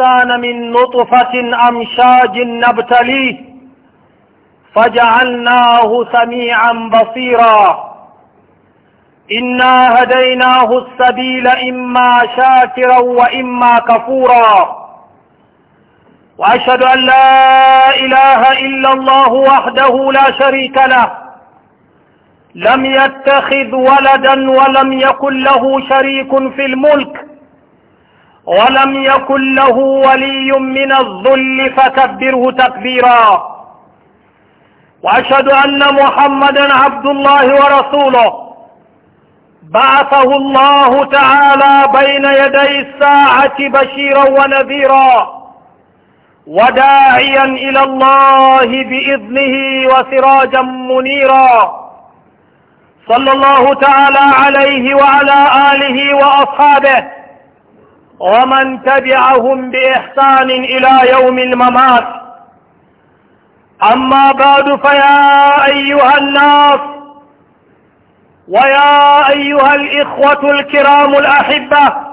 الإنسان من نطفة أمشاج نبتليه فجعلناه سميعا بصيرا إنا هديناه السبيل إما شاكرا وإما كفورا وأشهد أن لا إله إلا الله وحده لا شريك له لم يتخذ ولدا ولم يكن له شريك في الملك ولم يكن له ولي من الذل فكبره تكبيرا وأشهد أن محمدا عبد الله ورسوله بعثه الله تعالى بين يدي الساعة بشيرا ونذيرا وداعيا إلى الله بإذنه وسراجا منيرا صلى الله تعالى عليه وعلى آله وأصحابه ومن تبعهم بإحسان إلى يوم الممات أما بعد فيا أيها الناس ويا أيها الإخوة الكرام الأحبة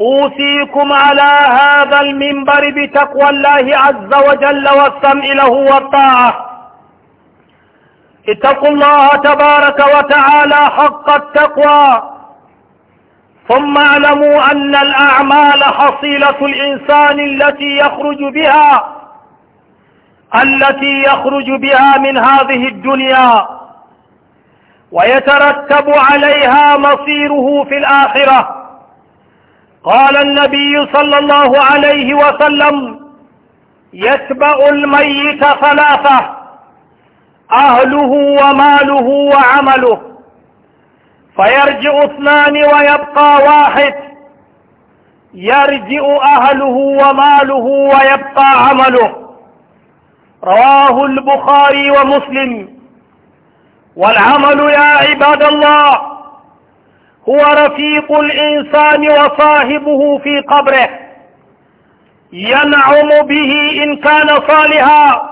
أوصيكم على هذا المنبر بتقوى الله عز وجل والسمع له والطاعة اتقوا الله تبارك وتعالى حق التقوى ثم اعلموا أن الأعمال حصيلة الإنسان التي يخرج بها التي يخرج بها من هذه الدنيا ويترتب عليها مصيره في الآخرة قال النبي صلى الله عليه وسلم يتبع الميت ثلاثة أهله وماله وعمله فيرجع اثنان ويبقى واحد يرجع أهله وماله ويبقى عمله رواه البخاري ومسلم والعمل يا عباد الله هو رفيق الإنسان وصاحبه في قبره ينعم به إن كان صالحا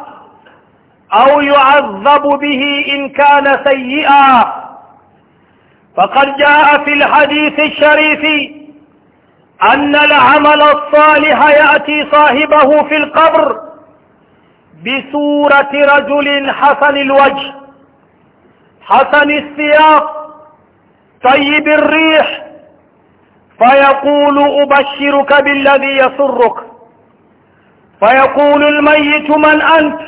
أو يعذب به إن كان سيئا فقد جاء في الحديث الشريف أن العمل الصالح يأتي صاحبه في القبر بصورة رجل حسن الوجه حسن السياق طيب الريح فيقول أبشرك بالذي يسرك فيقول الميت من أنت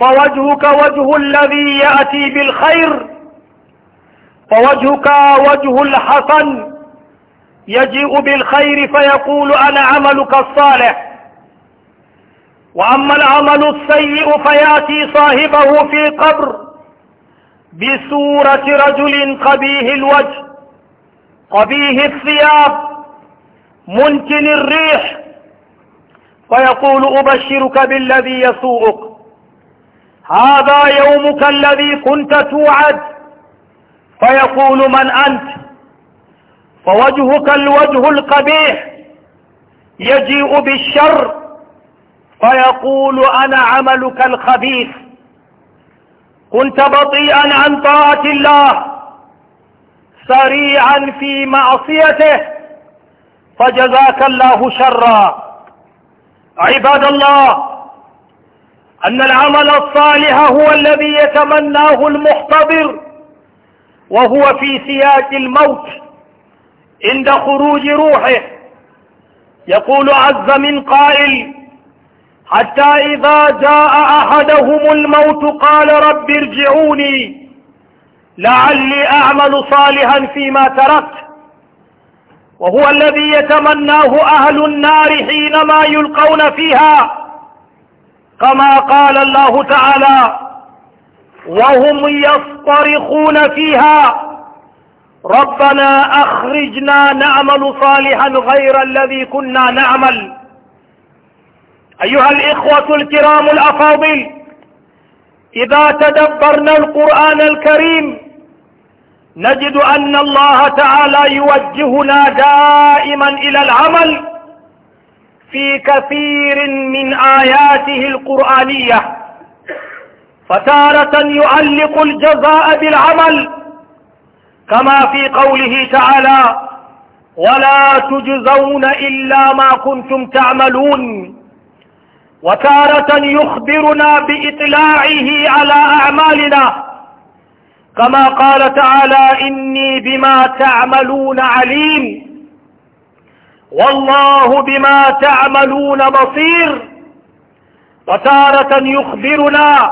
فوجهك وجه الذي يأتي بالخير فوجهك وجه الحسن يجيء بالخير فيقول أنا عملك الصالح وأما العمل السيء فيأتي صاحبه في قبر بصورة رجل قبيه الوجه قبيه الثياب منتن الريح فيقول أبشرك بالذي يسوءك هذا يومك الذي كنت توعد فيقول من أنت فوجهك الوجه القبيح يجيء بالشر فيقول أنا عملك الخبيث كنت بطيئا عن طاعة الله سريعا في معصيته فجزاك الله شرا عباد الله أن العمل الصالح هو الذي يتمناه المحتضر وهو في سياج الموت عند خروج روحه يقول عز من قائل حتى إذا جاء أحدهم الموت قال رب ارجعوني لعلي أعمل صالحا فيما تركت وهو الذي يتمناه أهل النار حينما يلقون فيها كما قال الله تعالى وهم يصطرخون فيها ربنا أخرجنا نعمل صالحا غير الذي كنا نعمل أيها الإخوة الكرام الأفاضل إذا تدبرنا القرآن الكريم نجد أن الله تعالى يوجهنا دائما إلى العمل في كثير من آياته القرآنية فتارة يعلق الجزاء بالعمل كما في قوله تعالى ولا تجزون إلا ما كنتم تعملون وتارة يخبرنا بإطلاعه على أعمالنا كما قال تعالى إني بما تعملون عليم والله بما تعملون بصير وتارة يخبرنا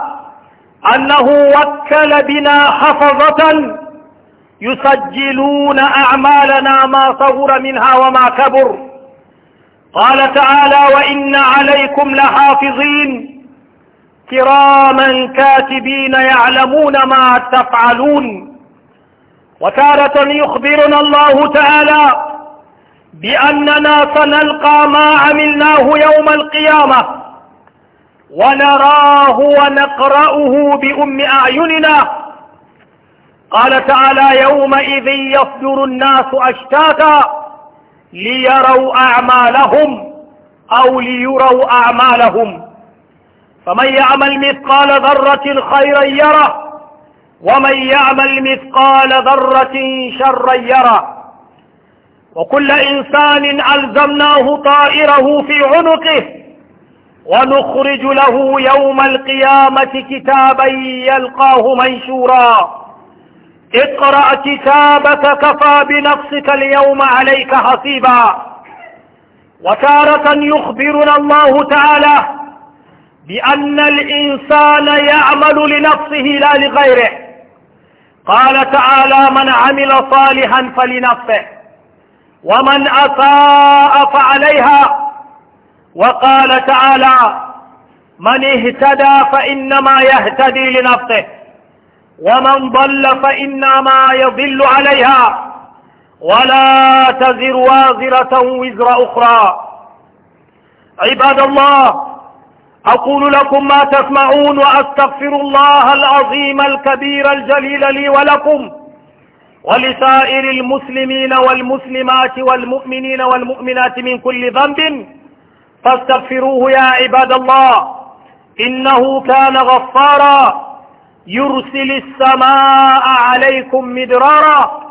أنه وكل بنا حفظة يسجلون أعمالنا ما صغر منها وما كبر قال تعالى وإن عليكم لحافظين كراما كاتبين يعلمون ما تفعلون وتارة يخبرنا الله تعالى بأننا سنلقى ما عملناه يوم القيامة ونراه ونقرأه بأم أعيننا قال تعالى يومئذ يصدر الناس أشتاتا ليروا أعمالهم أو ليروا أعمالهم فمن يعمل مثقال ذرة خيرا يره ومن يعمل مثقال ذرة شرا يره وكل إنسان ألزمناه طائره في عنقه ونخرج له يوم القيامة كتابا يلقاه منشورا اقرأ كتابك كفى بنفسك اليوم عليك حصيبا وتارة يخبرنا الله تعالى بأن الإنسان يعمل لنفسه لا لغيره قال تعالى من عمل صالحا فلنفسه ومن أساء فعليها وقال تعالى من اهتدى فإنما يهتدي لنفسه ومن ضل فإنما يضل عليها ولا تزر وازرة وزر أخرى عباد الله أقول لكم ما تسمعون وأستغفر الله العظيم الكبير الجليل لي ولكم ولسائر المسلمين والمسلمات والمؤمنين والمؤمنات من كل ذنب فاستغفروه يا عباد الله إنه كان غفارا يرسل السماء عليكم مدرارا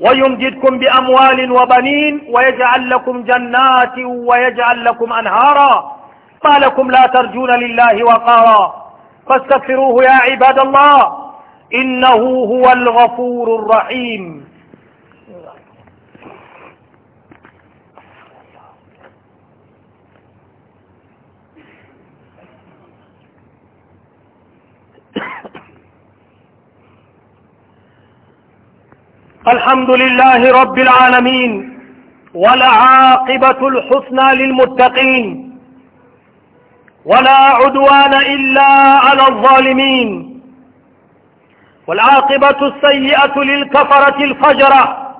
ويمجدكم بأموال وبنين ويجعل لكم جنات ويجعل لكم أنهارا ما لكم لا ترجون لله وقارا فاستغفروه يا عباد الله إنه هو الغفور الرحيم الحمد لله رب العالمين والعاقبة الحسنى للمتقين ولا عدوان إلا على الظالمين والعاقبة السيئة للكفرة الفجرة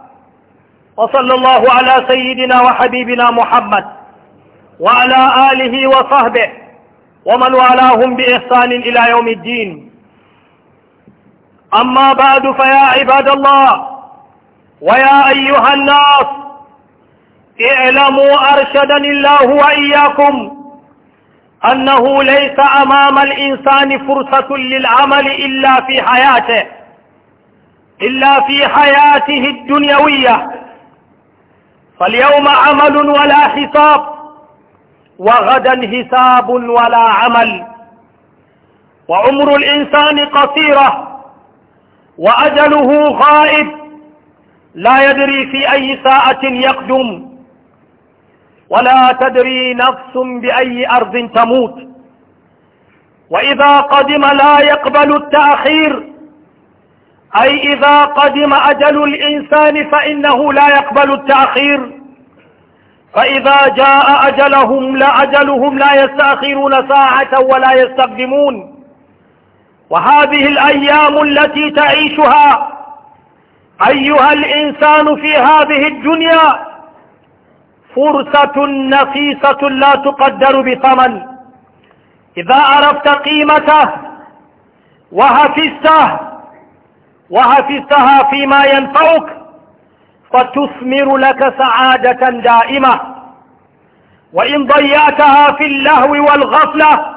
وصلى الله على سيدنا وحبيبنا محمد وعلى آله وصحبه ومن والاهم بإحسان إلى يوم الدين أما بعد فيا عباد الله ويا أيها الناس اعلموا أرشدني الله وإياكم أنه ليس أمام الإنسان فرصة للعمل إلا في حياته إلا في حياته الدنيوية فاليوم عمل ولا حساب وغدا حساب ولا عمل وعمر الإنسان قصيرة وأجله غائب لا يدري في أي ساعة يقدم ولا تدري نفس بأي أرض تموت وإذا قدم لا يقبل التأخير أي إذا قدم أجل الإنسان فإنه لا يقبل التأخير فإذا جاء أجلهم لا أجلهم لا يستأخرون ساعة ولا يستقدمون وهذه الأيام التي تعيشها أيها الإنسان في هذه الدنيا فرصة نفيسة لا تقدر بثمن إذا عرفت قيمته وهفزته وهفزتها فيما ينفعك فتثمر لك سعادة دائمة وإن ضيعتها في اللهو والغفلة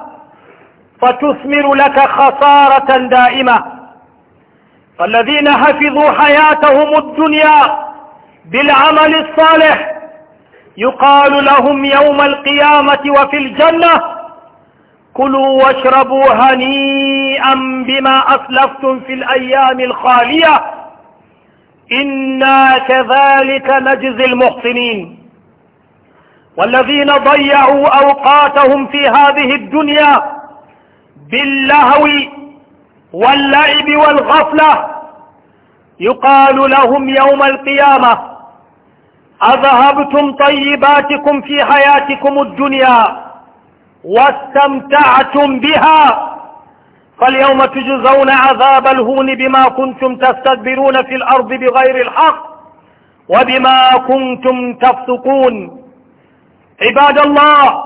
فتثمر لك خسارة دائمة فالذين حفظوا حياتهم الدنيا بالعمل الصالح يقال لهم يوم القيامة وفي الجنة كلوا واشربوا هنيئا بما أسلفتم في الأيام الخالية إنا كذلك نجزي المحسنين والذين ضيعوا أوقاتهم في هذه الدنيا باللهو واللعب والغفلة يقال لهم يوم القيامة أذهبتم طيباتكم في حياتكم الدنيا واستمتعتم بها فاليوم تجزون عذاب الهون بما كنتم تستكبرون في الأرض بغير الحق وبما كنتم تفسقون عباد الله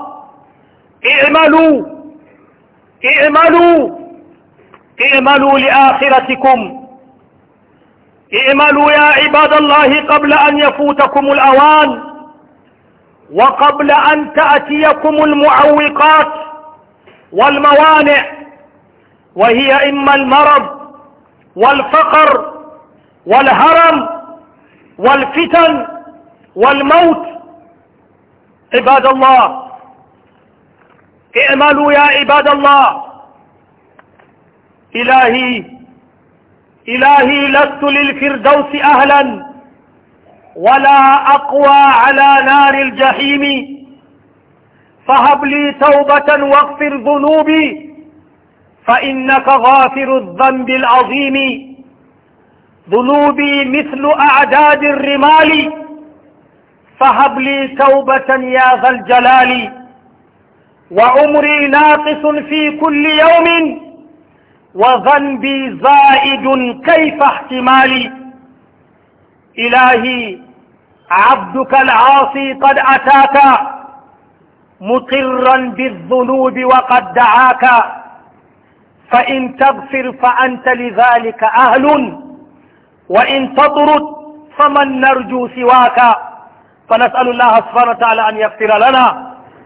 اعملوا اعملوا اعملوا لآخرتكم اعملوا يا عباد الله قبل أن يفوتكم الأوان وقبل أن تأتيكم المعوقات والموانع وهي إما المرض والفقر والهرم والفتن والموت عباد الله اعملوا يا عباد الله إلهي إلهي لست للفردوس أهلا ولا أقوى على نار الجحيم فهب لي توبة واغفر ذنوبي فإنك غافر الذنب العظيم ذنوبي مثل أعداد الرمال فهب لي توبة يا ذا الجلال وعمري ناقص في كل يوم وذنبي زائد كيف احتمالي إلهي عبدك العاصي قد أتاك مقرا بالذنوب وقد دعاك فإن تغفر فأنت لذلك أهل وإن تطرد فمن نرجو سواك فنسأل الله سبحانه وتعالى أن يغفر لنا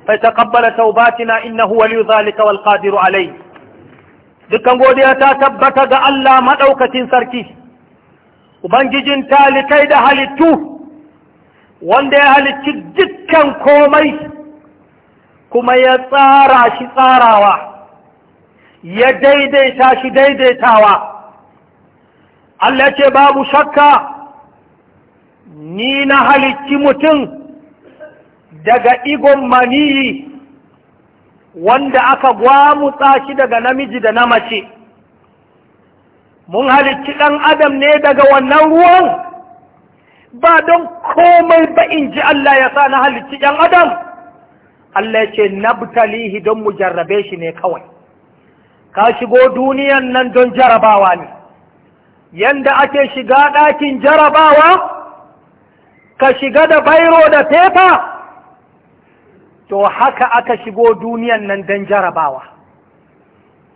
فيتقبل توباتنا إنه ولي ذلك والقادر عليه dukkan godiya ta tabbata ga Allah maɗaukacin sarki, Ubangijin talikai da halittu, wanda ya halicci dukkan komai, kuma ya tsara shi tsarawa, ya daidaita shi daidaitawa. Allah ce babu shakka, ni na halicci mutum daga igon maniyi. wanda aka gwamutsa shi daga namiji da na mace mun halicci ɗan adam ne daga wannan ruwan ba don komai ba in ji Allah ya sa na halicci ɗan adam Allah ya ce na butalihi don mu jarrabe shi ne kawai ka shigo duniyan nan don jarabawa ne yanda ake shiga ɗakin jarabawa ka shiga da bairo da fefa to haka aka shigo duniyan nan don jarabawa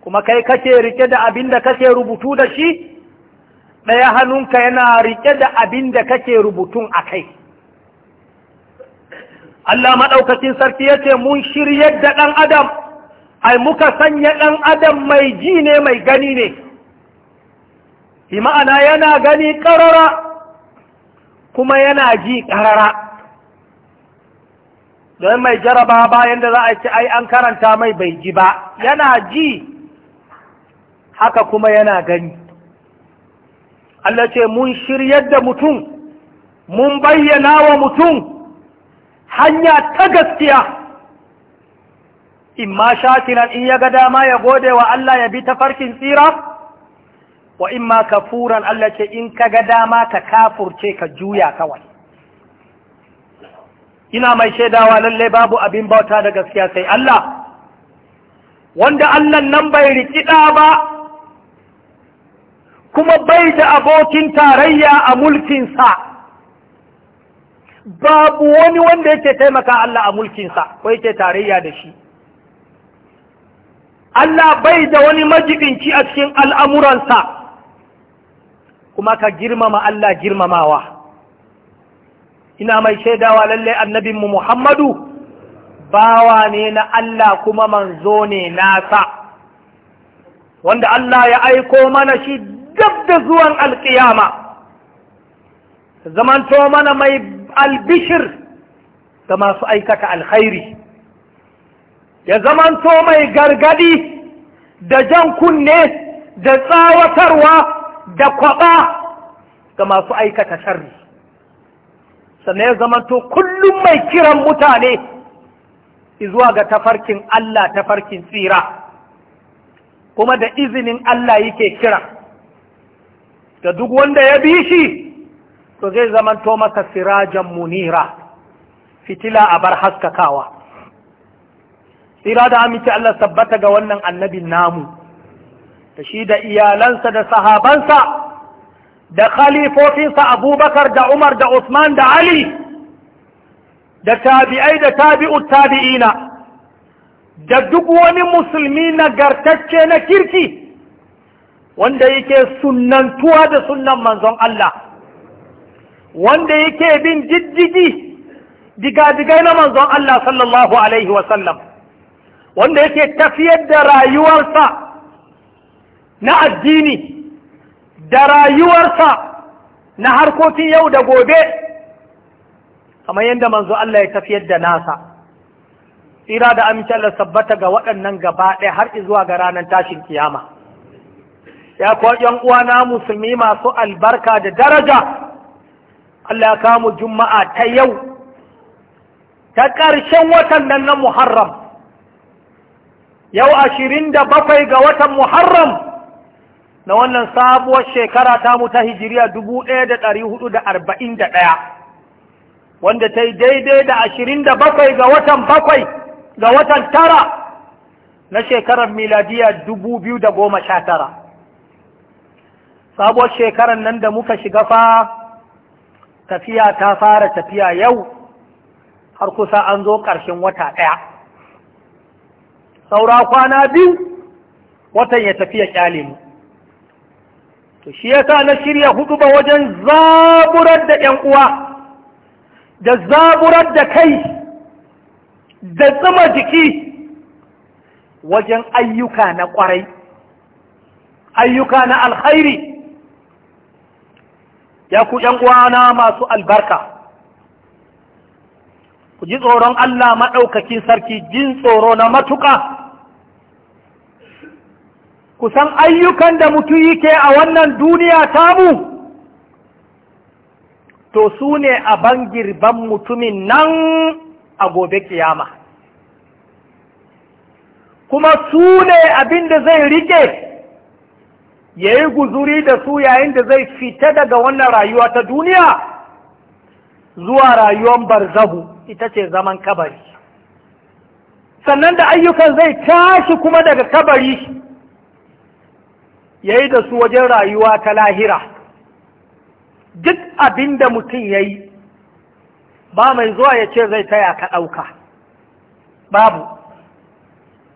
kuma kai kake rike da abin da kake rubutu da shi ɗaya hannunka yana rike da abin da kake rubutun akai. Allah maɗaukacin sarki ya ce mun shiryar da ɗan adam ai muka sanya ɗan adam mai ji ne mai gani ne ma'ana yana gani ƙarara kuma yana ji ƙarara don mai jaraba bayan da za a ce ai an karanta mai bai ji ba yana ji haka kuma yana gani Allah ce mun shiryar da mutum mun bayyana wa mutum hanya ta gaskiya in ma shakiran in ya ga dama ya gode wa Allah ya bi ta farkin tsira wa in ma kafuran Allah ce in ka ga dama ka kafurce ka juya kawai ina mai shaidawa lallai babu abin bauta da gaskiya sai Allah wanda Allah nan bai rikida ba kuma bai da abokin tarayya a mulkinsa babu wani wanda yake taimaka Allah a mulkinsa ko yake tarayya da shi Allah bai da wani majibinci a cikin al'amuransa kuma ka girmama Allah girmamawa ina mai shaidawa lalle annabinmu Muhammadu bawa ne na Allah kuma manzo ne nasa wanda Allah ya aiko mana shi dab da zuwan alƙiyama zamanto mana mai albishir ga masu aikata alkhairi ya zamanto mai gargadi da jan kunne da tsawatarwa da kwaba ga masu aikata sharri sannan ya zamanto kullum mai kiran mutane zuwa ga tafarkin Allah tafarkin tsira kuma da izinin Allah yake kira da duk wanda ya bi shi to zai zamanto maka sirajan munira fitila a bar haskakawa tsira da amince Allah sabbata ga wannan annabin namu da shi da iyalansa da sahabansa da khalifofinsa abubakar da umar da usman da ali da tabi'ai da tabi'u tabi'ina da duk wani musulmi nagartacce na kirki wanda yake sunantuwa da sunan manzon Allah wanda yake bin diga-digai na manzon Allah sallallahu Alaihi wasallam wanda yake tafiyar da rayuwarsa na addini da rayuwarsa na harkokin yau da gobe kamar yadda manzo Allah ya tafiyar da nasa tsira da amince Allah sabbata ga waɗannan gaba ɗaya har zuwa ga ranar tashin kiyama ya kuwa ‘yan na musulmi masu albarka da daraja Allah ya kamu juma'a ta yau ta ƙarshen watan nan na Muharram yau ashirin da bakwai ga watan Muharram na wannan sabuwar shekara ta mu ta hijiriya ɗaya, da arba'in ɗaya. wanda ta yi daidai da ashirin da bakwai ga watan bakwai ga watan tara na shekarar miladiya tara. sabuwar shekarar nan da muka shiga fa tafiya ta fara tafiya yau har kusa an zo ƙarshen wata ɗaya saura kwana biyu watan ya tafiya ƙyale mu to shi yasa na shirya ba wajen zaburar da ‘yan uwa da zaburar da kai da tsima jiki wajen ayyuka na ƙwarai ayyuka na alkhairi ya ku ‘yan uwana masu albarka ku ji tsoron Allah maɗaukakin sarki jin tsoro na matuka. kusan ayyukan da mutum yake a wannan duniya tamu to su ne a ban mutumin nan a gobe kiyama kuma su ne abin da zai rike ya yi guzuri da su yayin da zai fita daga wannan rayuwa ta duniya zuwa rayuwan barzahu ita ce zaman kabari sannan da ayyukan zai tashi kuma daga kabari ya yi da su wajen rayuwa ta lahira duk abin da mutum ya yi ba mai zuwa ya ce zai taya ka ɗauka babu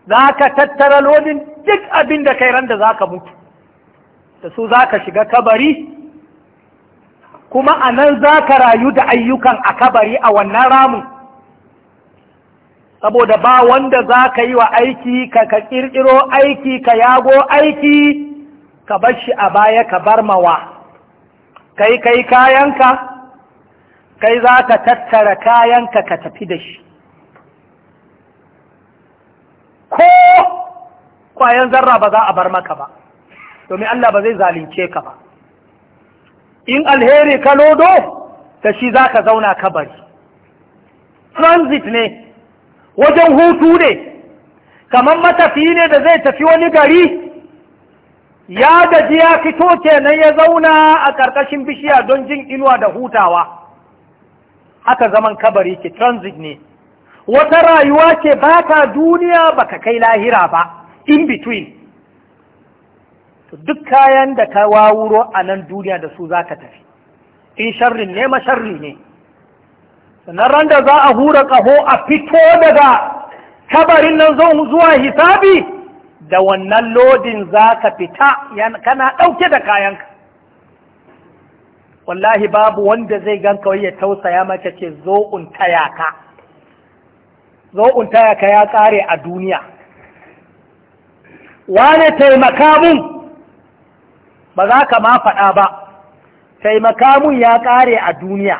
za ka tattara lodin duk abin da kai randa za ka mutu da su za ka shiga kabari kuma a nan za ka rayu da ayyukan a kabari a wannan ramin saboda ba wanda za ka yi wa aiki ka ka ƙirƙiro aiki ka yago aiki ka bar shi a baya ka bar mawa kai kai kayanka kai za ka tattara kayanka ka tafi da shi ko kwayan zarra ba za a bar maka ba domin Allah ba zai zalunce ka ba in alheri ka lodo da shi za ka zauna ka bari. transit ne wajen hutu ne kamar matafi ne da zai tafi wani gari ya gaji ya fito kenan ya zauna a ƙarƙashin bishiya don jin inuwa da hutawa haka zaman kabari ke transit ne wata rayuwa ke ba ta duniya ba ka kai lahira ba in between duk kayan da ka wawuro a nan duniya da su za ka tafi in sharrin ne masharri ne sannan ran da za a hura ƙaho a fito daga kabarin nan zuwa hisabi da wannan lodin za ka fita kana ɗauke da kayanka wallahi babu wanda zai gan kawai ya tausaya mace ce zo in taya ka zo in taya ka ya ƙare a duniya wane taimaka ba za ka ma faɗa ba taimaka mun ya ƙare a duniya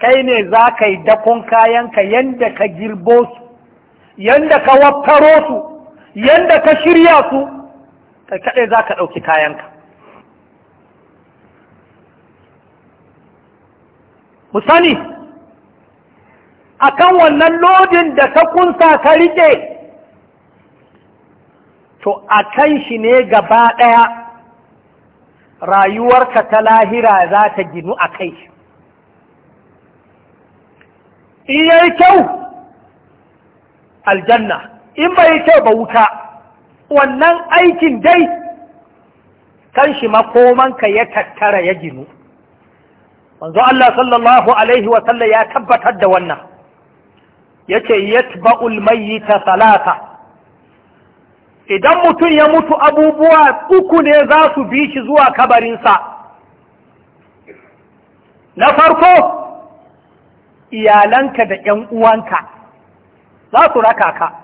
kai ne za ka yi dakon kayanka yadda ka girbo su yadda ka waftaro su yanda ka shirya su kai kaɗai za ka ɗauki kayanka mu sani akan wannan lodin da ka kunsa ka riƙe to a kan shi ne gaba ɗaya rayuwarka ta lahira za ta ginu a kai shi kyau aljanna in bai ce ba wuta wannan aikin dai kan shi makomanka ya tattara ya ginu Wanzu Allah sallallahu alaihi wasallam ya tabbatar da wannan Ya yace yatba'ul mayyita salata idan mutum ya mutu abubuwa uku ne za su bi shi zuwa kabarinsa na farko iyalanka da ‘yan uwanka za su raka ka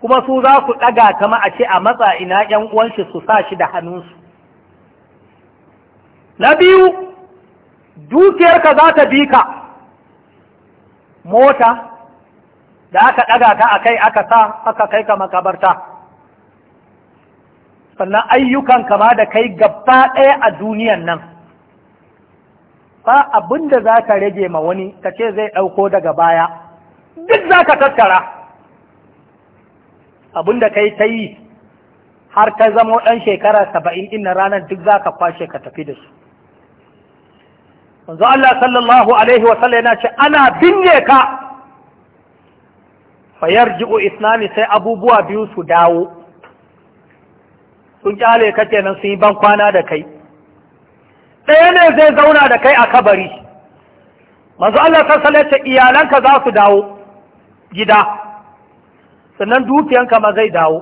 kuma su za su ɗaga kama a ce a matsa ina ‘yan uwanshi su sa shi da hannunsu. Na biyu, dukiyarka za ta bi ka, mota da aka ɗaga ta a kai aka sa aka kai ka makabarta. Sannan ayyukan kama da kai gaba ɗaya a duniyan nan, ba abin da za ka rage ma wani, ka ce zai ɗauko daga baya, duk za ka tattara. Abin ka kai ta yi har ta zama ɗan shekara saba'in na ranar duk za ka kwashe ka tafi da su Wanzu Allah sallallahu alaihi wasallam yana ce ana binne ka fayar ji'o islami sai abubuwa biyu su dawo sun kyale ka kenan sun yi ban da kai ɗaya ne zai zauna da kai a kabari manzo Allah sallallahu alaihi iyalanka za su dawo gida sannan dukiyanka ma zai dawo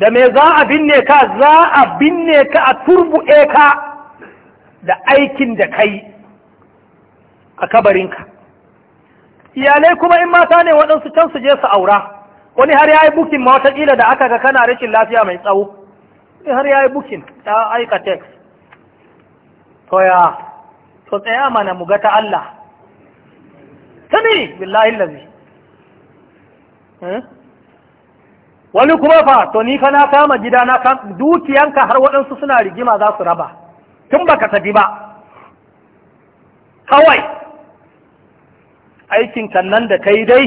da me za a binne ka za a binne ka a turbuɗe ka da aikin da kai a kabarinka iyalai kuma in mata ne waɗansu can su je su aura wani har ya yi bukin ma watakila da aka ga kana rashin lafiya mai tsawo wani har ya yi bukin ta aika tex to ya to tsaya mana mu ga ta Allah ta ne billahi lazi Eh? wani kuma fa to ni fa na kama gida na dukiyanka har waɗansu suna rigima za su raba tun ba ka tafi ba kawai aikin kan nan da kai dai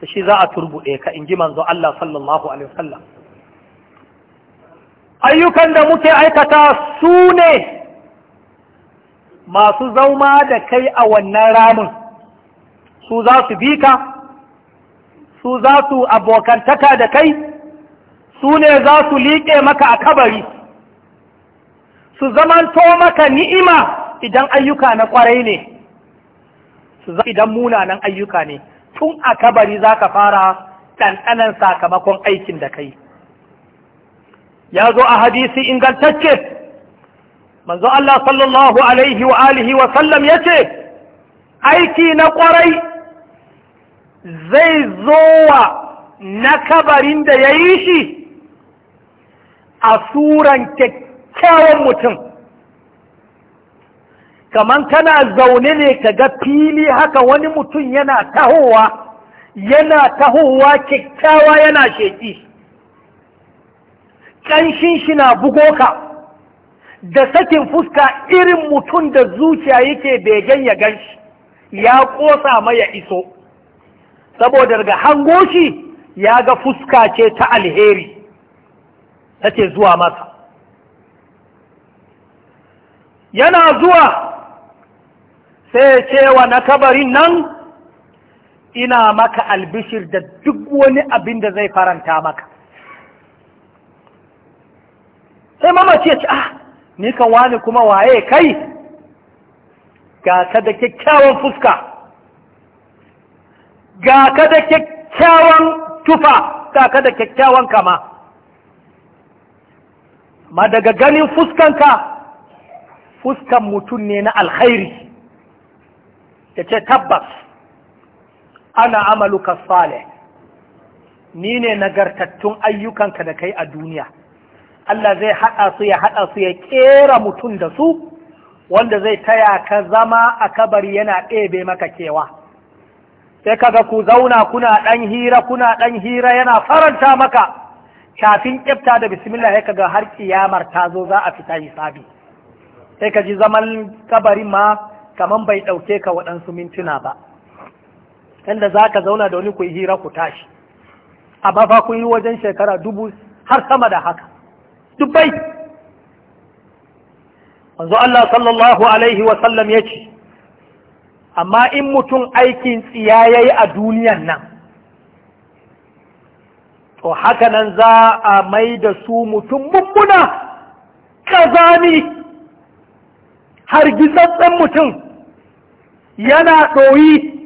ta shi za a turbuɗe ka in ji manzo Allah sallallahu alaihi wasallam ayyukan da muke aikata su ne masu zauma da kai a wannan ramin su za su bi ka su za su abokantaka da kai su ne za su liƙe maka a kabari su zamanto maka ni'ima idan ayyuka na kwarai ne su za idan munanan ayyuka ne tun a kabari za ka fara ɗanɗanan sakamakon aikin da kai ya zo a hadisi ingantacce manzo Allah sallallahu alaihi wa alihi wa sallam ya ce aiki na kwarai zai zowa na kabarin da ya yi shi a suran kyakkyawan mutum kamar kana zaune ne kaga fili haka wani mutum yana tahowa yana tahowa kyakkyawa yana sheƙi ƙanshin shi na bugo ka da sakin fuska irin mutum da zuciya yake begen ya ganshi, ya ƙosa ya iso saboda daga hango shi ya ga fuska ce ta alheri ta ce zuwa masa yana zuwa sai cewa na kabarin nan ina maka albishir da duk wani abin da zai faranta maka sai mamaci ya ce ah ni kan wani kuma waye kai ga ka da kyakkyawan fuska ga ka da kyakkyawan tufa ga ka da kyakkyawan kama ma daga ganin fuskanka fuskan mutum ne na alkhairi ta ce tabbas ana amaluka salih ni ne nagartattun ayyukanka da kai a duniya Allah zai haɗa su ya haɗa su ya ƙera mutum da su wanda zai taya ka zama a kabari yana ɗebe maka kewa sai kaga ku zauna kuna ɗan hira kuna ɗan hira yana faranta maka kafin ƙyafta da bismillah sai kaga har kiyamar ta zo za a fita hisabi sai ka ji zaman kabarin ma kaman bai ɗauke ka waɗansu mintuna ba inda za ka zauna da wani ku hira ku tashi amma fa kun yi wajen shekara dubu har sama da haka dubbai manzo Allah sallallahu alaihi wa sallam ya ce amma in mutum aikin tsiya ya a duniyan nan to haka nan za a mai da su mutum mummuna har gisassan mutum yana ɗoyi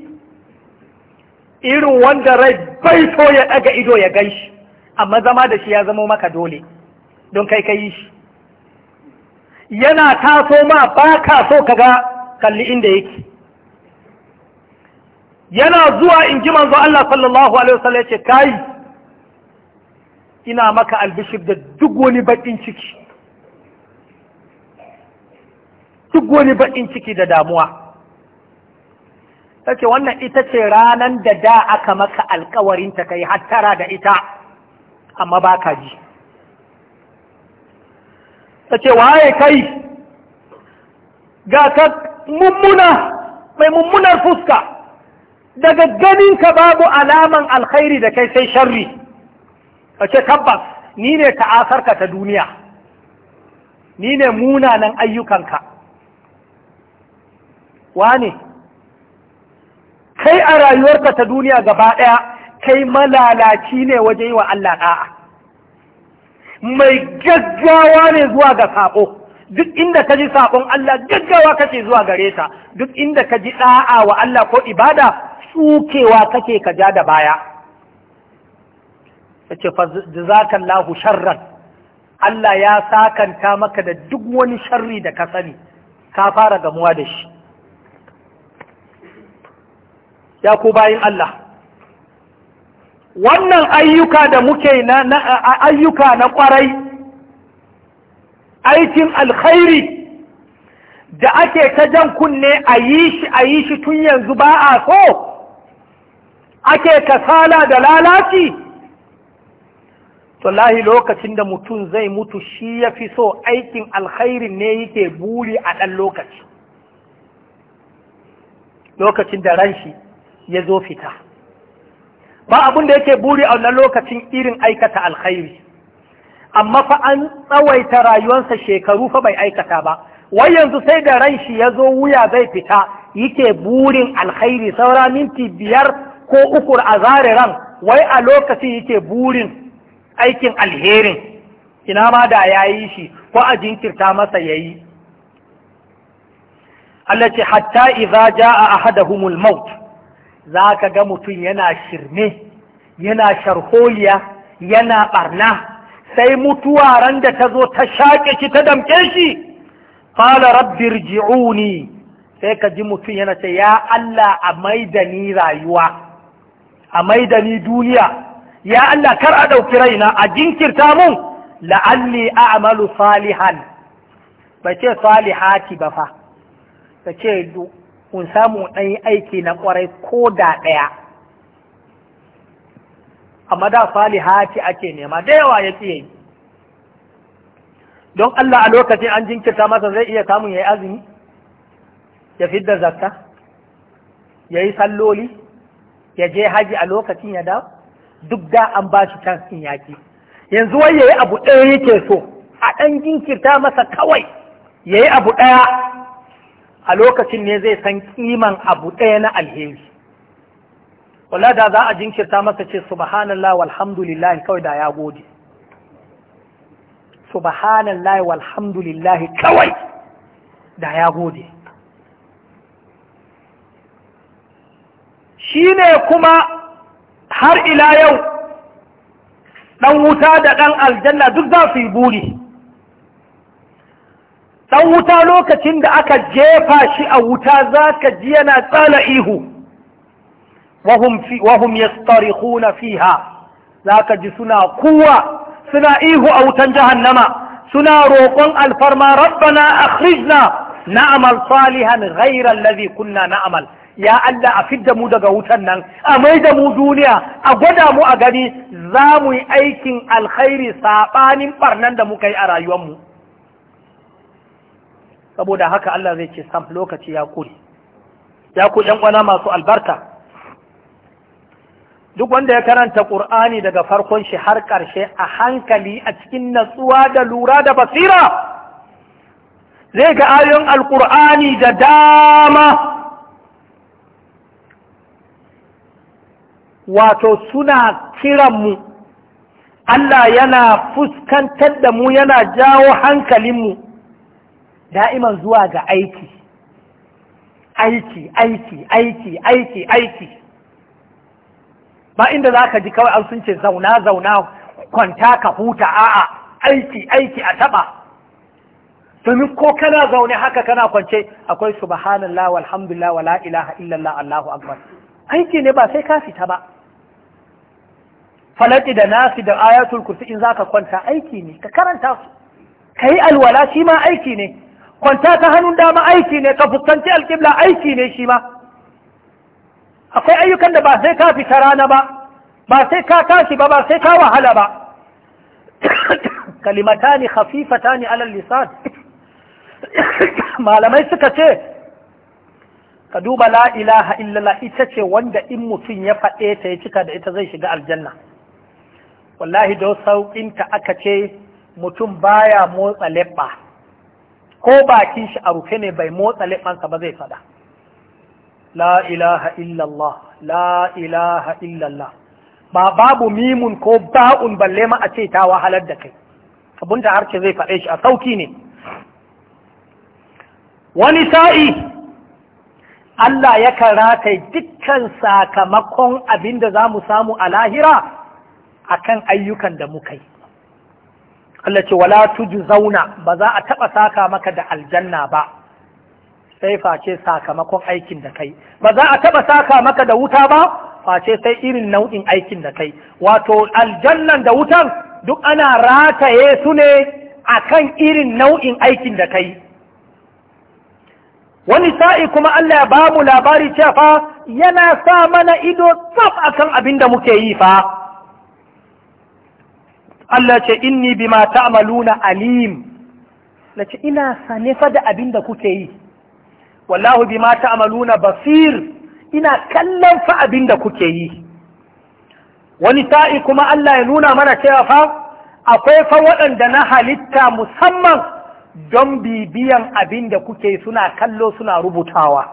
irin wanda rai bai so ya ɗaga ido ya gan shi amma zama da shi ya zama maka dole don kai ka shi yana taso ma ba ka so ka ga kalli inda yake yana zuwa in ji manzo Allah sallallahu alaihi wasallam yace kai ina maka albishir da duk wani bakin ciki duk wani bakin ciki da damuwa tace wannan ita ce ranan da da aka maka alkawarin ta kai hattara da ita amma baka ji tace waye kai ga ka mummuna mai mummunar fuska daga ganinka babu alaman alkhairi da kai sai sharri ka ce tabbas ni ne ta'asarka ta duniya ni ne munanan ayyukanka wane kai a rayuwarka ta duniya gaba ɗaya kai malalaci ne waje yi wa Allah ɗa'a mai gaggawa ne zuwa ga saƙo duk inda ka ji saƙon Allah gaggawa kake zuwa gare ta duk inda ka ji ɗa'a wa Allah ko ibada tsukewa kake ka ja da baya ta ce jazakan lahu sharran Allah ya sakanta maka da duk wani sharri da ka sani ka fara gamuwa da shi ya ku bayin Allah wannan ayyuka da muke na ayyuka na kwarai aikin alkhairi da ake ta jan kunne a shi a yi shi tun yanzu ba a so ake kasala da lalaci wallahi lokacin da mutum zai mutu shi ya fi so aikin alkhairi ne yake buri a ɗan lokaci lokacin da ran shi ya zo fita ba abin da yake buri a wannan lokacin irin aikata alkhairi amma fa an tsawaita rayuwarsa shekaru fa bai aikata ba wai yanzu sai da ran shi ya zo wuya zai fita yake burin alkhairi saura minti biyar ko ukur a zare ran wai a lokacin yake burin aikin alherin ina ma da ya yi shi ko a jinkirta masa ya yi Allah ce hatta iza jaa ahaduhumul maut za ka ga mutum yana shirme yana sharholiya yana barna sai mutuwa ran da ta zo ta shaƙe shi ta damke shi qala rabbi sai ka ji mutum yana ce ya Allah a maida ni rayuwa a maida ni duniya ya Allah kar a ɗauki raina a jinkirta mun la'alli a'malu salihan ba ce salihati ba fa ba ce kun samu ɗan aiki na ƙwarai ko da ɗaya amma da salihati ake nema da yawa ya fiye don Allah a lokacin an jinkirta masa zai iya samun ya yi azumi ya da zakka ya yi salloli ya je haji a lokacin ya dawo duk da an ba shi can sun yaki yanzu wai yayi abu ɗaya yake so a ɗan jinkirta masa kawai yayi abu ɗaya a lokacin ne zai san kiman abu ɗaya na alheri wala da za a jinkirta masa ce subhanallah walhamdulillah kawai da ya gode subhanallah walhamdulillah kawai da ya gode shine kuma har ila yau ɗan wuta da ɗan aljanna duk za su yi buri ɗan wuta lokacin da aka jefa shi a wuta za ka ji yana tsala ihu wahum yastarihuna fiha za ka ji suna kuwa suna ihu a wutan jahannama suna roƙon alfarma rabbana akhrijna na'mal salihan ghairar allazi kunna amal. ya Allah a fidda mu daga wutan nan a mai da mu duniya a gwada mu a gani za mu yi aikin alkhairi saɓanin ɓarnan da muka yi a rayuwanmu saboda haka Allah zai ce sam lokaci ya kuri ya ku ɗan ƙwana masu albarka duk wanda ya karanta ƙur'ani daga farkon shi har ƙarshe a hankali a cikin natsuwa da lura da basira zai ga ayon alƙur'ani da dama wato suna kiran mu Allah yana fuskantar da mu yana jawo hankalinmu da'iman zuwa ga aiki aiki aiki aiki aiki aiki ba inda za ka ji kawai an sun ce zauna zauna kwanta ka huta a'a aiki aiki a taba domin ko kana zaune haka kana kwance akwai subhanallah walhamdulillah wala ilaha illallah allahu akbar aiki ne ba sai ka fita ba Falaɗi da nasi da ayatul kursi in zaka kwanta aiki ne ka karanta su ka yi alwala shi ma aiki ne kwanta ta hannun dama aiki ne ka fuskanci alƙibla aiki ne shi ma akwai ayyukan da ba sai ka fita rana ba ba sai ka tashi ba ba sai ka wahala ba kalimatani khafifatani alal lisan malamai suka ce ka duba la ilaha illallah ita ce wanda in mutum ya faɗe ta ya cika da ita zai shiga aljanna wallahi don sauƙinta aka ce mutum baya motsa leɓɓa ko bakin shi a rufe ne bai motsa leɓɓansa ba zai faɗa la ilaha illallah la ilaha illallah ba babu mimun ko ba'un balle ma a ce ta wahalar da kai abinda harshe zai faɗe shi a sauki ne wani sa'i Allah ya rataye dukkan sakamakon abin da za mu samu a lahira akan ayyukan da muka yi Allah ce wala tuju zauna ba za a taɓa saka maka da aljanna ba sai face sakamakon aikin da kai ba za a taɓa saka maka da wuta ba face sai irin nau'in aikin da kai wato aljannan da wutan duk ana rataye su ne akan irin nau'in aikin da kai wani sa'i kuma Allah ya ba mu labari cewa yana sa mana ido tsaf akan abin da muke yi fa Allah ce inni ma ta'maluna alim lace ina sane fa da abin da kuke yi wallahu bi ma ta'maluna basir ina kallon fa abin da kuke yi wani ta'i kuma Allah ya nuna mana cewa fa akwai fa waɗanda na halitta musamman don bibiyan abin da kuke suna kallo suna rubutawa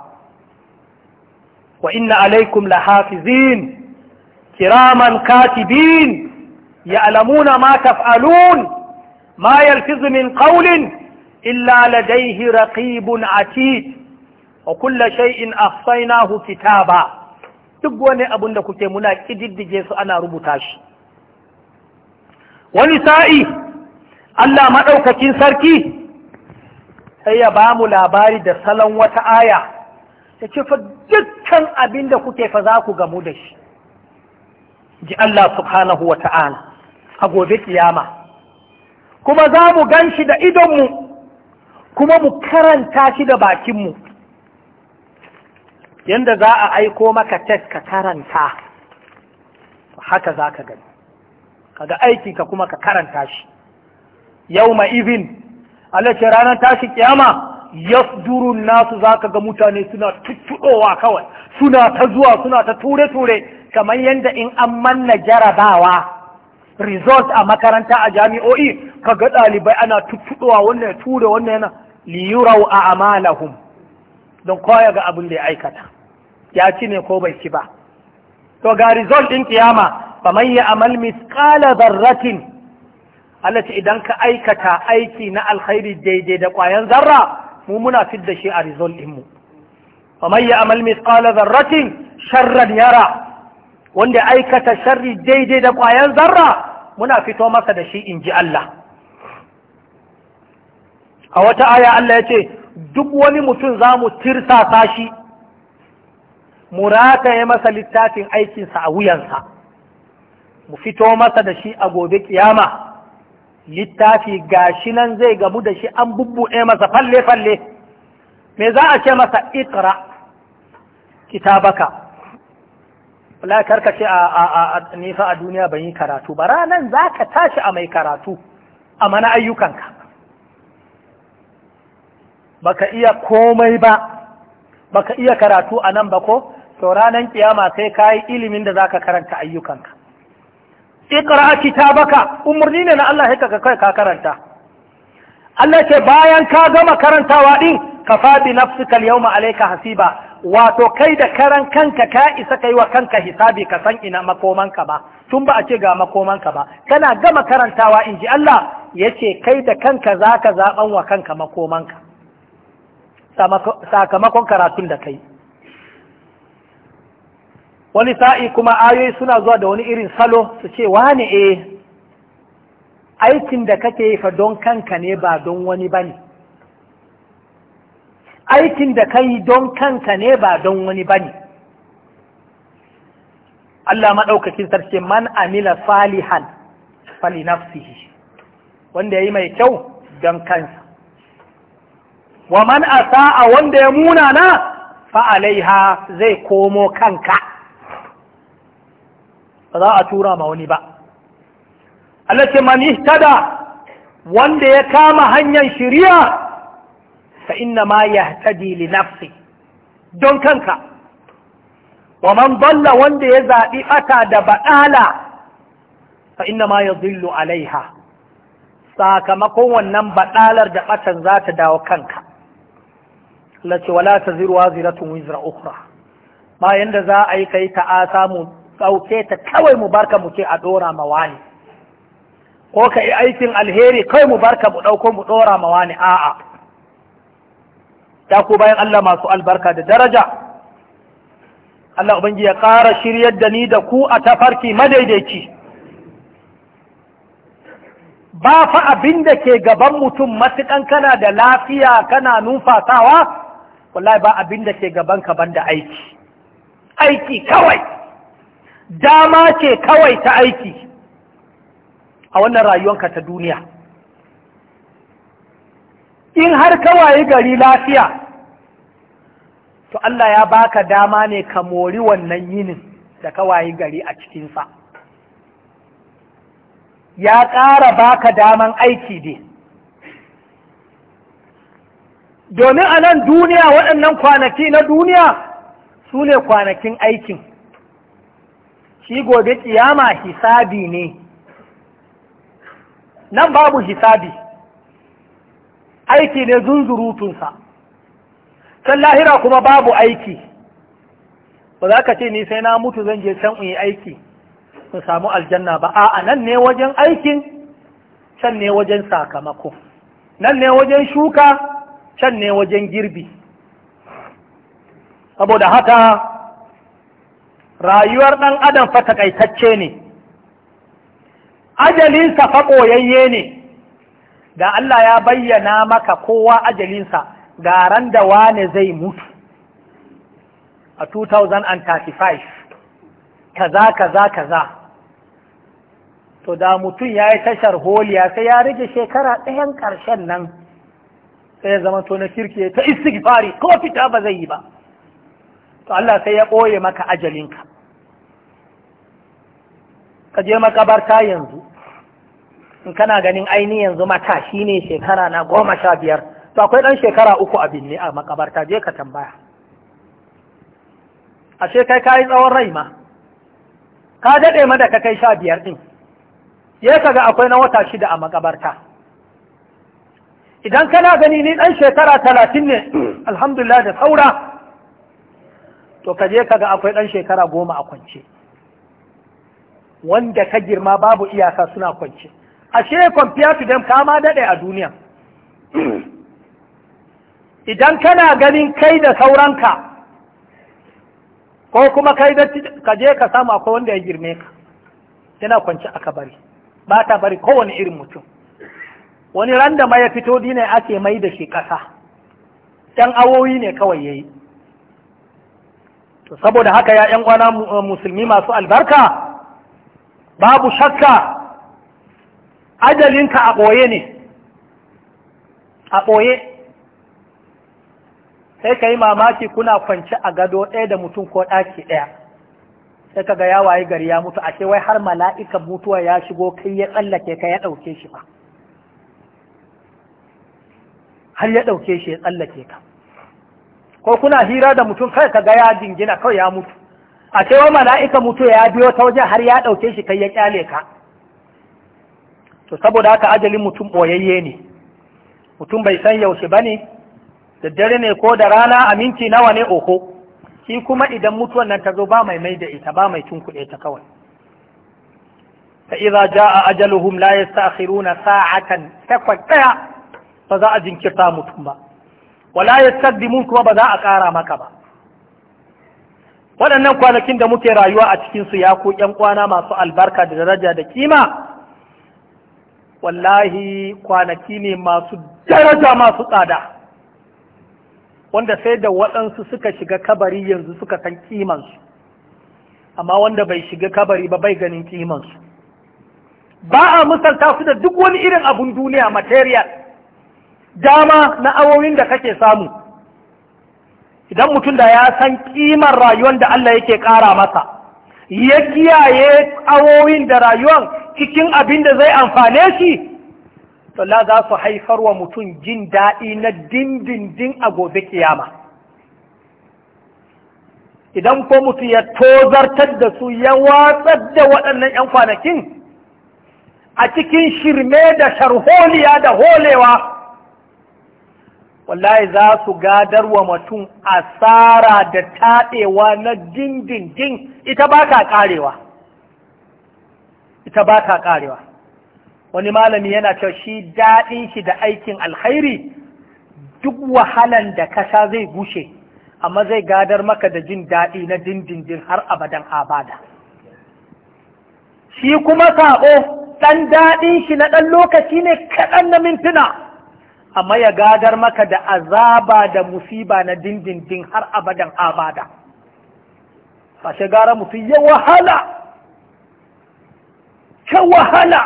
wa inna alaikum lahafizin kiraman katibin يعلمون ما تفعلون ما يلفظ من قول إلا لديه رقيب عتيد وكل شيء أحصيناه كتابا duk wani abun da kuke muna ƙididdige su ana rubuta shi wani sa'i Allah maɗaukakin sarki sai ya ba mu labari da salon wata aya ta ce fa dukkan abin da kuke fa za ku gamu da shi ji Allah subhanahu wa ta'ala a gobe kiyama kuma za mu gan shi da idonmu kuma mu karanta shi da bakinmu yadda za a aiko maka tes ka karanta haka za ka gani kaga ka kuma ka karanta shi yau ma'izin Allah ce ranar tashi kiyama durun nasu ka ga mutane suna tuttuɗowa kawai suna ta zuwa suna ta ture-ture kamar yadda in an manna jarabawa result a makaranta a jami'o'i ka ga ɗalibai ana tuttuɗowa wannan ya tura wannan yana liyurau a amalahum don koya ga abin da ya aikata ya ci ne ko bai ci ba to ga result ɗin kiyama ba man ya amal ƙala zarratin Allah ce idan ka aikata aiki na alkhairi daidai da ƙwayan zarra mu muna fit da shi a result ɗinmu ba fa man amal misqala sharran yara wanda aikata sharri daidai da ƙwayan zarra muna fito masa da shi in ji Allah a wata aya Allah ya ce duk wani mutum za mu tirsasa shi mu rataye masa littafin aikinsa a wuyansa mu fito masa da shi a gobe kiyama littafi gashi nan zai gamu da shi an bubbuɗe masa falle-falle me za a ce masa ikra kitabaka la karka ce a a a fa a duniya ban yi karatu ba ranan ka tashi a mai karatu a mana ayyukanka baka iya komai ba baka iya karatu a nan ba ko to ranan kiyama sai yi ilimin da zaka karanta ayyukanka iqra baka umurni ne na Allah haka kai ka karanta Allah ce bayan ka gama karantawa din ka fadi nafsika al-yawma alayka hasiba wato kai da karan kanka ka isa kai wa kanka hisabi ka san ina makomanka ba tun ba a ce ga makomanka ba kana gama karantawa in ji Allah ya ce kai da kanka za ka zaɓan wa kanka makomanka sakamakon karatun da kai wani sa'i kuma ayoyi suna zuwa da wani irin salo su ce wane eh aikin da kake yi fa don kanka ne ba don wani ba ne aikin da ka yi don kanka ne ba don wani bane Allah maɗaukakin sarki man amila salihan fali nafsihi wanda ya yi mai kyau don kansa wa man a wanda ya muna na fa'alaiha zai komo kanka ba za a tura ma wani ba Allah ce man ihtada wanda ya kama hanyar shiriya fa inna ma yahtadi li nafsi don kanka wa man dalla wanda ya zaɓi ɓata da baɗala fa inna ma yadhillu alaiha sakamakon wannan baɗalar da ɓatan za ta dawo kanka lace wala taziru waziratun wizra ukhra bayan da za a yi kai ta ta'asa mu ɗauke ta kawai mu barka mu ce a ɗora ma wani ko ka yi aikin alheri kawai mu barka mu ɗauko mu ɗora ma wani a'a ta ku bayan Allah masu albarka da daraja Allah ubangi ya ƙara shiryar da ni da ku a tafarki madaidaici ba fa abin da ke gaban mutum masu kana da lafiya kana numfasawa wallahi ba abin da ke gaban ka banda aiki aiki kawai dama ce kawai ta aiki a wannan rayuwanka ta duniya in har kawai gari lafiya to Allah ya baka dama ne ka mori wannan yinin da kawai gari a cikinsa ya ƙara baka daman aiki dai domin a nan duniya waɗannan kwanaki na duniya su ne kwanakin aikin shi gobe ƙiyama hisabi ne nan babu hisabi aiki ne zunzurutunsa can lahira kuma babu aiki ba za ka ce ni sai na mutu zan je can in yi aiki in samu aljanna ba a'a nan ne wajen aikin can ne wajen sakamako nan ne wajen shuka can ne wajen girbi saboda haka rayuwar ɗan adam fa takaitacce ne ajalinsa fa yayye ne da Allah ya bayyana maka kowa ajalinsa ga ran da wane zai mutu a 2035 kaza kaza kaza to da mutum ya yi tashar holiya sai ya rage shekara ɗayan ƙarshen nan sai ya zama to na kirki ta istighfari ko fita ba zai yi ba to Allah sai ya ɓoye maka ajalinka ka je makabarta yanzu in kana ganin aini yanzu shi ne shekara na goma sha biyar to akwai ɗan shekara uku a binne a makabarta je ka tambaya A kai ka yi tsawon rai ma ka daɗe ma da ka kai sha biyar ɗin ya kaga akwai na wata shida a makabarta idan kana gani ni ɗan shekara talatin ne alhamdulillah da saura to ka je kaga akwai ɗan shekara goma a kwance wanda ka girma babu iyaka suna kwance ashe compared to them kama daɗe a duniya idan kana ganin kai da sauranka ko kuma kai da ka je ka samu akwai wanda ya girme ka yana kwanci aka bari ba ta bari kowane irin mutum wani ran ma ya fito dina ake mai da shi ƙasa ɗan awoyi ne kawai ya yi saboda haka ya ‘yan kwana eh, musulmi masu albarka babu shakka ajalinka a ɓoye ne a ɓoye sai ka yi mamaki kuna kwanci a gado ɗaya da mutum ko ɗaki ɗaya sai ka ga ya waye gari ya mutu ashe wai har mala'ika mutuwa ya shigo kai ya tsallake ka ya ɗauke shi ba har ya ɗauke shi ya tsallake ka ko kuna hira da mutum kai ka ga ya jingina kawai ya mutu ashe wai mala'ika mutuwa ya biyo ta wajen har ya ɗauke shi kai ya ƙyale ka to saboda haka ajalin mutum boyayye ne mutum bai san yaushe ba ne da dare ne ko da rana a minti nawa ne oho shi kuma idan mutuwan nan ta zo ba mai mai da ita ba mai tun kuɗe ta kawai Ta fa idza jaa ajaluhum la yasta'khiruna sa'atan takwas daya ba za a jinkirta mutum ba wala yastaqdimun kuma ba za a ƙara maka ba waɗannan kwanakin da muke rayuwa a cikin su ya ku ƴan kwana masu albarka da daraja da kima wallahi kwanaki ne masu daraja masu tsada wanda sai da waɗansu suka shiga kabari yanzu suka san kimansu amma wanda bai shiga kabari ba bai ganin kimansu ba a misalta su da duk wani irin abun duniya material dama na awowin da kake samu idan mutum da ya san kimar rayuwar da Allah yake ƙara masa ya kiyaye awowin da rayuwan cikin abin da zai amfane shi to la za su haifar wa mutum jin daɗi na dindindin a gobe kiyama idan ko mutum ya tozartar da su ya watsar da waɗannan 'yan kwanakin a cikin shirme da sharholiya da holewa wallahi za su gadar wa mutum asara da taɗewa na dindindin ita ba ka ƙarewa ita ba ka ƙarewa wani malami yana cewa shi daɗin shi da aikin alkhairi duk wahalan da kasa zai gushe amma zai gadar maka da jin daɗi na dindindin har abadan abada shi kuma saɓo ɗan daɗin shi na ɗan lokaci ne kaɗan na mintuna amma ya gadar maka da azaba da musiba na dindindin har abadan abada shi gara mutum ya wahala ka wahala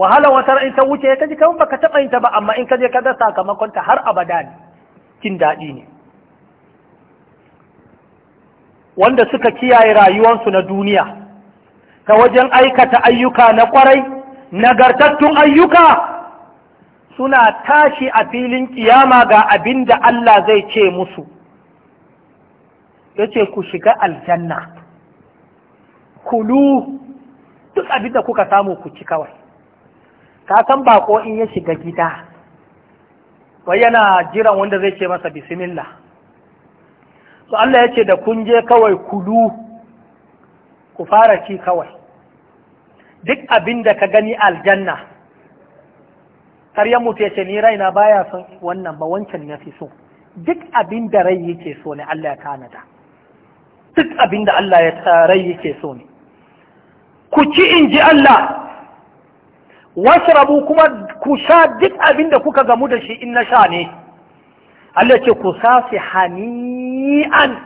wahala wata ra'in ta wuce ya kaji kawai baka taɓa yin ta ba amma in kaje ka ga sakamakonta sakamakon ta har abada ne kin daɗi ne wanda suka kiyaye rayuwarsu na duniya ka wajen aikata ayyuka na kwarai nagartattun ayyuka suna tashi a filin kiyama ga abin da Allah zai ce musu yace ku shiga aljanna kulu duk abin da kuka samu ku ci kawai ka san bako in ya shiga gida wai yana jiran wanda zai ce masa bismillah so Allah ya ce da kun je kawai kulu ku fara ci kawai duk abin da ka gani aljanna kar ya mutu ce ni raina baya son wannan ba wancan na fi so duk abin da rai yake so ne Allah ya tanada duk abin da Allah ya eh, rai yake so ne ku ci in ji Allah washrabu kuma ku sha duk abin da kuka gamu da shi in na sha ne Allah ce ku safi hani'an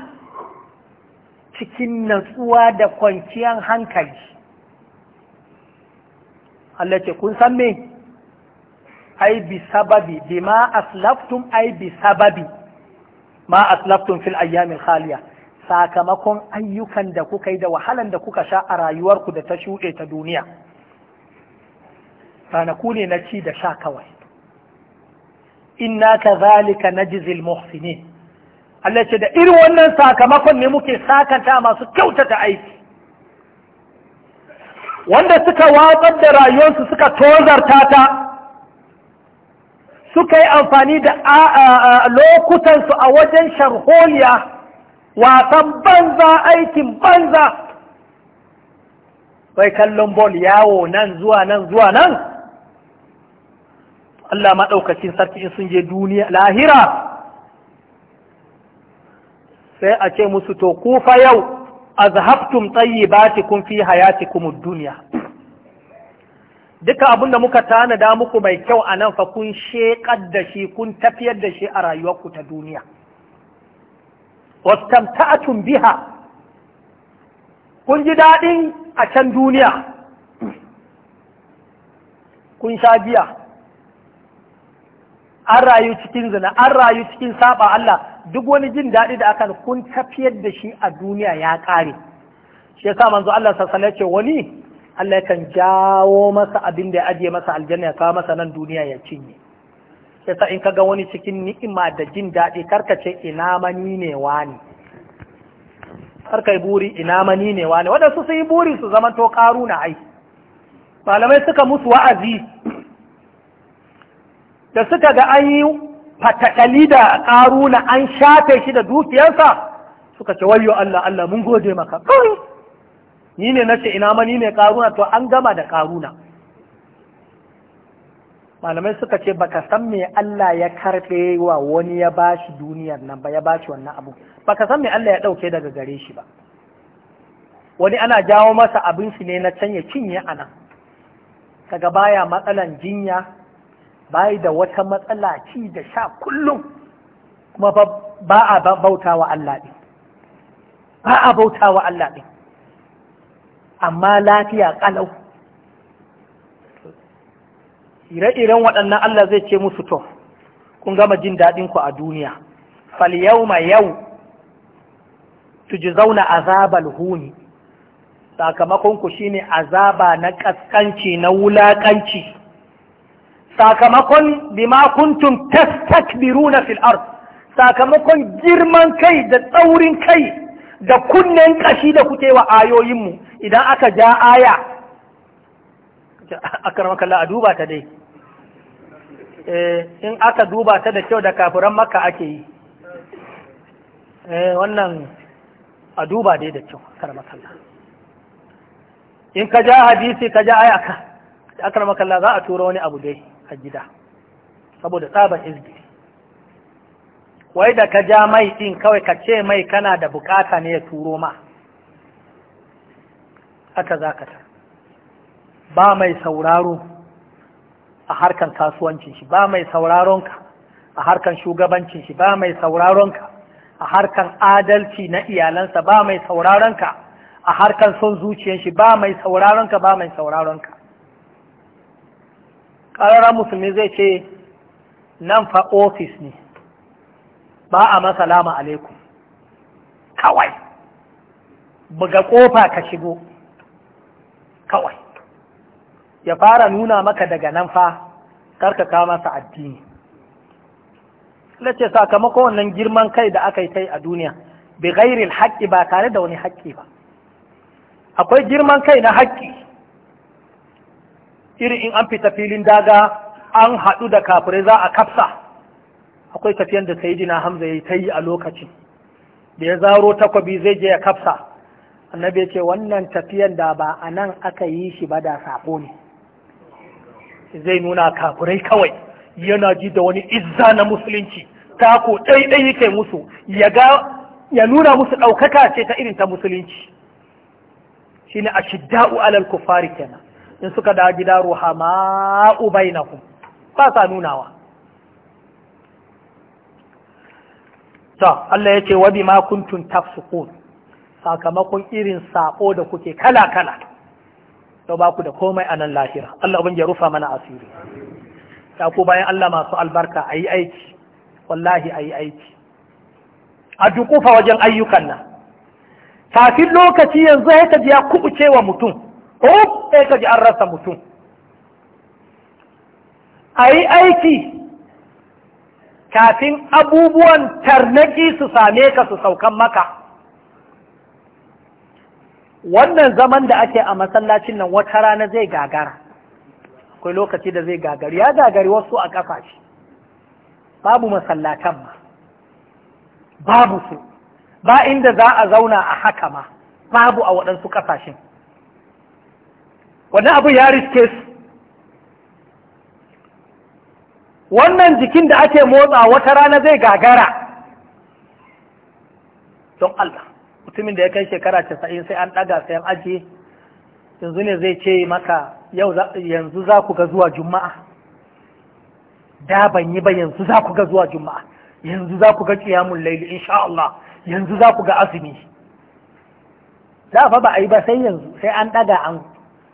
cikin natsuwa da kwanciyar hankali Allah ce kun san me ai bi sababi bima aslaftum ai bi sababi ma aslaftum fil ayyamil khaliya sakamakon ayyukan da kuka yi da wahalan da kuka sha a rayuwarku da ta shuɗe ta duniya ranaku ne na ci da sha kawai inna ka zalika na jizil muhsinin Allah ce da irin wannan sakamakon ne muke sakanta masu kyautata aiki wanda suka watsar da rayuwarsu suka tozarta ta suka yi amfani da lokutansu a wajen sharholiya wasan banza aikin banza bai kallon bol yawo nan zuwa nan zuwa nan Allah maɗaukacin sarki in sun je duniya lahira sai a ce musu to kufa yau azhabtum tayyibatikum fi hayatikum kuma duniya. duka abinda muka tanada muku mai kyau a nan fa kun sheƙar da shi kun tafiyar da shi a rayuwarku ta duniya wastamta'atun biha kun ji daɗin a can duniya kun sha biya an rayu cikin zina an rayu cikin saba Allah duk wani jin daɗi da aka kun tafiyar da shi a duniya ya ƙare shi yasa manzo Allah sallallahu ce wani Allah ya kan jawo masa abin da ya ajiye masa aljanna ya kawo masa nan duniya ya cinye yasa in ka ga wani cikin ni'ima da jin daɗi karkace ina mani ne wani karkai buri ina mani ne wani waɗansu sun yi buri su zama to na ai malamai suka musu wa'azi da suka ga an yi fatakali da na an shafe shi da dukiyarsa suka ce wayo Allah Allah mun gode maka ni ne na ce ina ma ni ne karuna to an gama da karuna malamai suka ce baka san me Allah ya karɓe wa wani ya bashi duniyar nan ba ya bashi wannan abu baka san me Allah ya ɗauke daga gare shi ba wani ana jawo masa abin shi ne na can ya cinye a nan kaga baya matsalan jinya bayi da wata matsala ci da sha kullum kuma ba a bauta Allah ba a bauta Allah din amma lafiya ƙalau ire-iren waɗannan Allah zai ce musu to kun gama jin daɗinku a duniya fal yau ma yau ji zauna azabal huni sakamakon ku shine azaba na ƙasƙanci na wulaƙanci, sakamakon bima kuntum tastakbiruna fil ard sakamakon girman kai da tsaurin kai da kunnen kashi da kuke wa ayoyinmu idan aka ja aya kalla a duba ta dai eh, in aka duba ta da kyau da kafiran maka ake yi eh, wannan a duba dai da kyau kalla. in ka ja hadisi ka ja aya ka kalla za a tura wani abu dai a gida saboda tsaban izgi. wai da ka ja mai ɗin kawai ka ce mai kana da bukata ne ya turo ma haka za ba mai sauraro a harkan kasuwancin shi ba mai sauraronka a harkan shugabancin shi ba mai sauraronka a harkan adalci na iyalansa ba mai sauraronka a harkan son zuciyar shi ba mai sauraronka ba mai sauraronka ƙararren musulmi zai ce nan fa ofis ne ba a masa lama alaikum kawai buga kofa ka shigo kawai ya fara nuna maka daga nan fa karka kama masa addini lace sakamakon wannan girman kai da aka yi tai a duniya bi ghairil haqqi ba tare da wani haƙƙi ba akwai girman kai na haƙƙi irin in an fita filin daga an haɗu da kafure za a kafsa akwai tafiyan da sayidina hamza ya yi ta yi a lokaci da ya zaro takwabi zai je ya kafsa annabi ya ce wannan tafiyan da ba a nan aka yi shi ba da sako ne zai nuna kafurai kawai yana ji da wani izza na musulunci tako ɗaiɗai yake musu ya nuna musu ɗaukaka ce ta irin ta musulunci shine shidda'u alal kufari kenan in suka da gida ruhama bainahum ba sa nunawa To, Allah ya ce wa ma kuntum tafsukun sakamakon irin sako da kuke kala kala to ba ku da komai a nan lahira Allah ya rufa mana asiri ta ku bayan Allah masu albarka ayi aiki wallahi ayi aiki a dukufa wajen ayyukan nan kafin lokaci yanzu ya kaji ya kubuce wa mutum ko sai kaji an rasa mutum ayi aiki kafin abubuwan tarnaki su same ka su saukan maka wannan zaman da ake a masallacin nan wata rana zai gagara akwai lokaci da zai gagari ya gagari wasu a ƙasashe babu masallatan ma babu su ba inda za a zauna a haka ma babu a waɗansu ƙasashen wannan abu ya riske su wannan jikin da ake motsa wata rana zai gagara don Allah mutumin da ya kai shekara casa'in sai an ɗaga sai an ajiye yanzu ne zai ce maka yau yanzu za ku ga zuwa juma'a da ban yi ba yanzu za ku ga zuwa juma'a yanzu za ku ga ciyamun laili insha Allah yanzu za ku ga azumi da fa ba a yi ba sai yanzu sai an ɗaga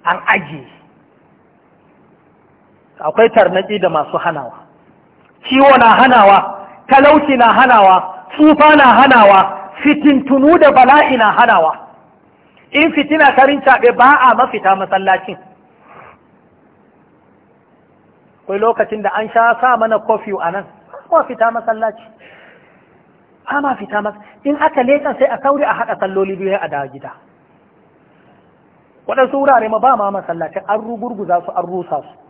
an ajiye akwai tarnaƙi da masu hanawa ciwo na hanawa talauci na hanawa tsufa na hanawa fitintunu da bala'i na hanawa in fitina karin caɓe ba a mafita masallacin kai lokacin da an sha sa mana kofi a nan ba fita masallaci ba ma fita masallaci in aka leƙa sai a sauri a haɗa salloli biyu a da gida waɗansu wurare ma ba ma masallacin an rugurguza su an rusa su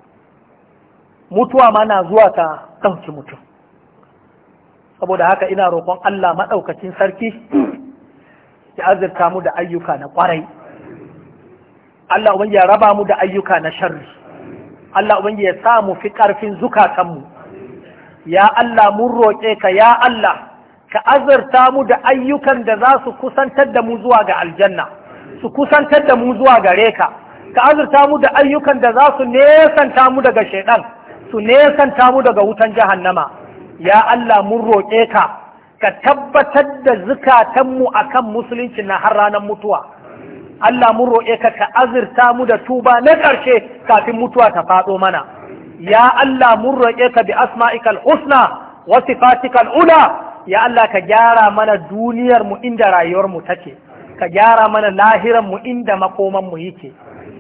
mutuwa ma na zuwa ta ɗauki mutum saboda haka ina roƙon Allah maɗaukacin sarki ya azurta mu da ayyuka na ƙwarai Allah ubangi ya raba mu da ayyuka na sharri Allah ubangi ya sa mu fi ƙarfin zukatanmu ya Allah mun roƙe ka ya Allah ka azurta mu da ayyukan da za su kusantar da mu zuwa ga aljanna su kusantar da mu zuwa gare ka ka azurta mu da ayyukan da za su nesanta mu daga shaidan su nesanta mu daga wutan jahannama ya Allah mun roƙe ka ka tabbatar da zukatanmu akan musulunci na har ranar mutuwa Allah mun roƙe ka ka azurta mu da tuba na ƙarshe kafin mutuwa ta faɗo mana ya Allah mun roƙe ka bi asma'ikal husna wa sifatikal ula ya Allah ka gyara mana duniyar mu inda rayuwar mu take ka gyara mana lahiran mu inda makoman mu yake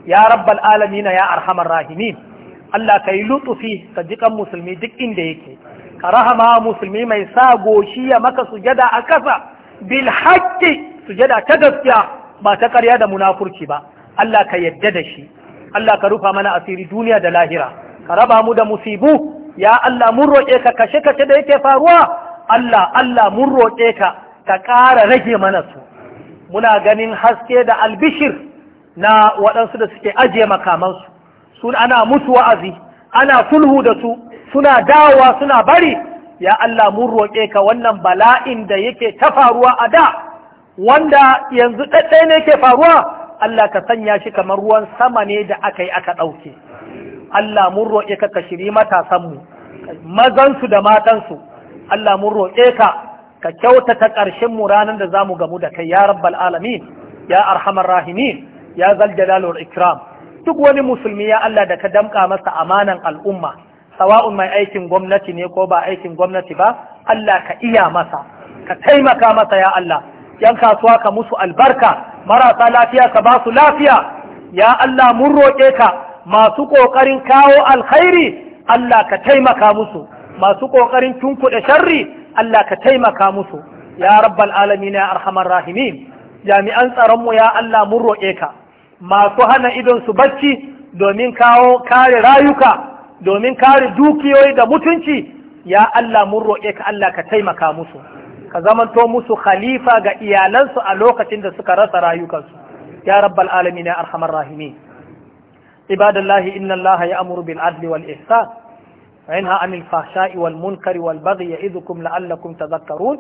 ya rabbal na ya arhamar rahimin Allah ka yi lutufi ka jikan musulmi duk inda yake ka rahama musulmi mai sa goshi ya maka sujada a kasa bil haqqi sujada ta gaskiya ba ta karya da munafurci ba Allah ka yadda da shi Allah ka rufa mana asiri duniya da lahira ka raba mu da musibu ya Allah mun roƙe ka kashe kashe da yake faruwa Allah Allah mun roƙe ka ka ƙara rage mana su muna ganin haske da albishir na waɗansu da suke ajiye makamansu sun ana mutu wa'azi ana sulhu da su suna dawowa suna bari ya Allah mun roƙe ka wannan bala'in da yake ta faruwa a da wanda yanzu ɗaɗɗai ne ke faruwa Allah ka sanya shi kamar ruwan sama ne da aka yi aka ɗauke Allah mun roƙe ka ka shiri matasanmu mazansu da matansu Allah mun roƙe ka ka kyautata ƙarshen mu ranar da za mu gamu da kai ya rabbal alamin ya arhamar rahimin ya zal jalal ikram duk wani musulmi ya Allah da ka damƙa masa amanan al'umma sawa'un mai aikin gwamnati ne ko ba aikin gwamnati ba Allah ka iya masa ka taimaka masa ya Allah yan kasuwa ka musu albarka marasa lafiya ka ba su lafiya ya Allah mun roƙe ka masu ƙoƙarin kawo alkhairi Allah ka taimaka musu masu ƙoƙarin tunkuɗe sharri Allah ka taimaka musu ya rabbal alamin ya arhamar rahimin jami'an tsaronmu ya Allah mun roƙe ka masu hana idon su bacci domin kawo kare rayuka domin kare dukiyoyi da mutunci ya Allah mun roƙe ka Allah ka taimaka musu ka zamanto musu khalifa ga iyalansu a lokacin da suka rasa rayukansu ya rabbal alamin ya arhamar rahimin ibadallahi inna Allaha ya'muru bil adli wal ihsan wa yanha 'anil fahsha'i wal munkari wal baghi ya'idhukum la'allakum tadhakkarun